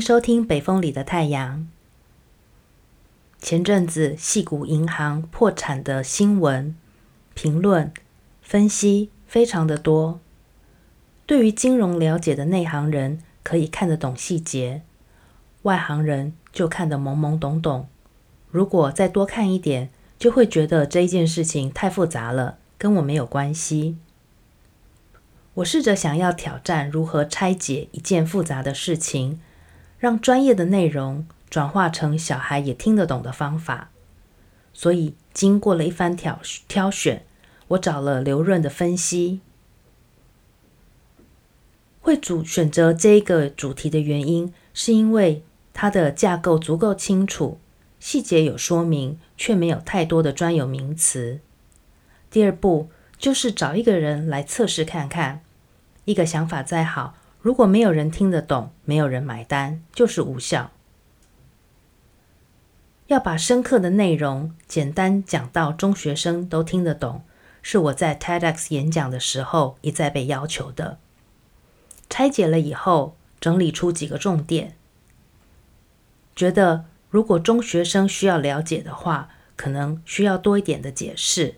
收聽《北風裡的太陽》。前陣子，矽谷銀行破產的新聞、評論、分析非常的多。對於金融了解的內行人可以看得懂細節，外行人就看得懵懵懂懂。如果再多看一點，就會覺得這件事情太複雜了，跟我沒有關係。我試着想要挑戰如何拆解一件複雜的事情。讓專業的內容轉化成小孩也聽得懂的方法，所以經過了一番挑挑選，我找了劉潤的分析。會主選擇這一個主題的原因，是因為它的架構足夠清楚，細節有說明，却沒有太多的專有名詞。第二步就是找一個人來測試看看，一個想法再好，如果沒有人聽得懂，沒有人買單，就是無效。要把深刻的內容簡單講到中學生都聽得懂，是我在 TEDx 演講的時候一再被要求的。拆解了以後，整理出幾個重點，覺得如果中學生需要了解的話，可能需要多一點的解釋。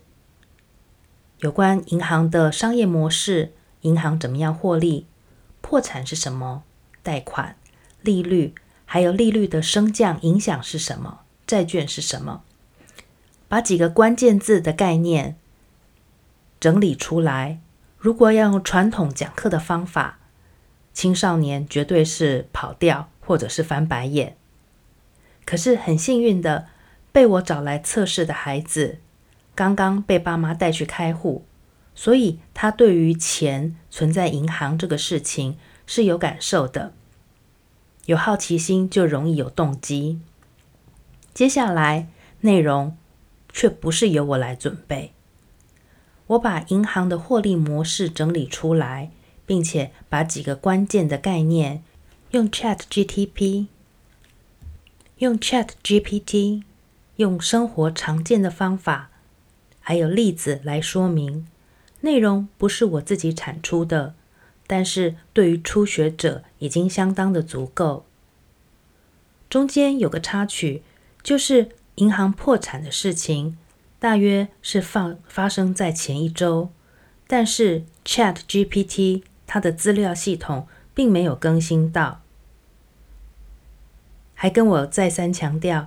有關銀行的商業模式，銀行怎麼樣獲利？破產是什麼？貸款、利率，還有利率的升降影響是什麼？債券是什麼？把幾個關鍵字的概念整理出來。如果要用傳統講課的方法，青少年絕對是跑掉或者是翻白眼。可是很幸運的，被我找來測試的孩子，剛剛被爸媽帶去開戶。所以他對於錢存在銀行這個事情是有感受的，有好奇心就容易有動機。接下來內容卻不是由我來準備，我把銀行的獲利模式整理出來，並且把幾個關鍵的概念用 Chat GTP、用 Chat, Chat GPT、用生活常見的方法還有例子來說明。內容不是我自己產出的，但是對於初學者已經相當的足夠。中間有個插曲，就是銀行破產的事情，大約是放發生在前一周，但是 ChatGPT 它的資料系統並沒有更新到，還跟我再三強調，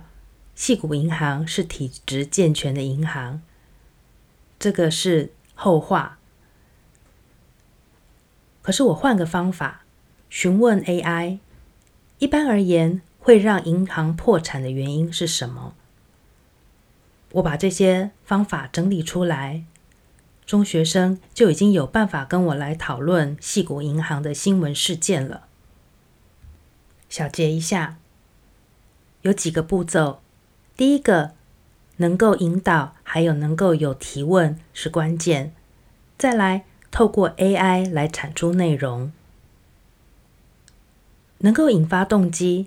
矽谷銀行是體質健全的銀行，這個是。後話，可是我換個方法詢問 AI，一般而言，會讓銀行破產的原因是什麼？我把這些方法整理出來，中學生就已經有辦法跟我來討論矽谷銀行的新聞事件了。小結一下，有幾個步驟：第一個，能夠引導。還有能夠有提問是關鍵，再來透過 AI 來產出內容，能夠引發動機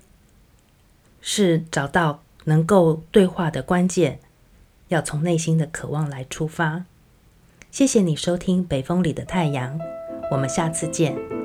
是找到能夠對話的關鍵，要從內心的渴望來出發。謝謝你收聽《北風裡的太陽》，我們下次見。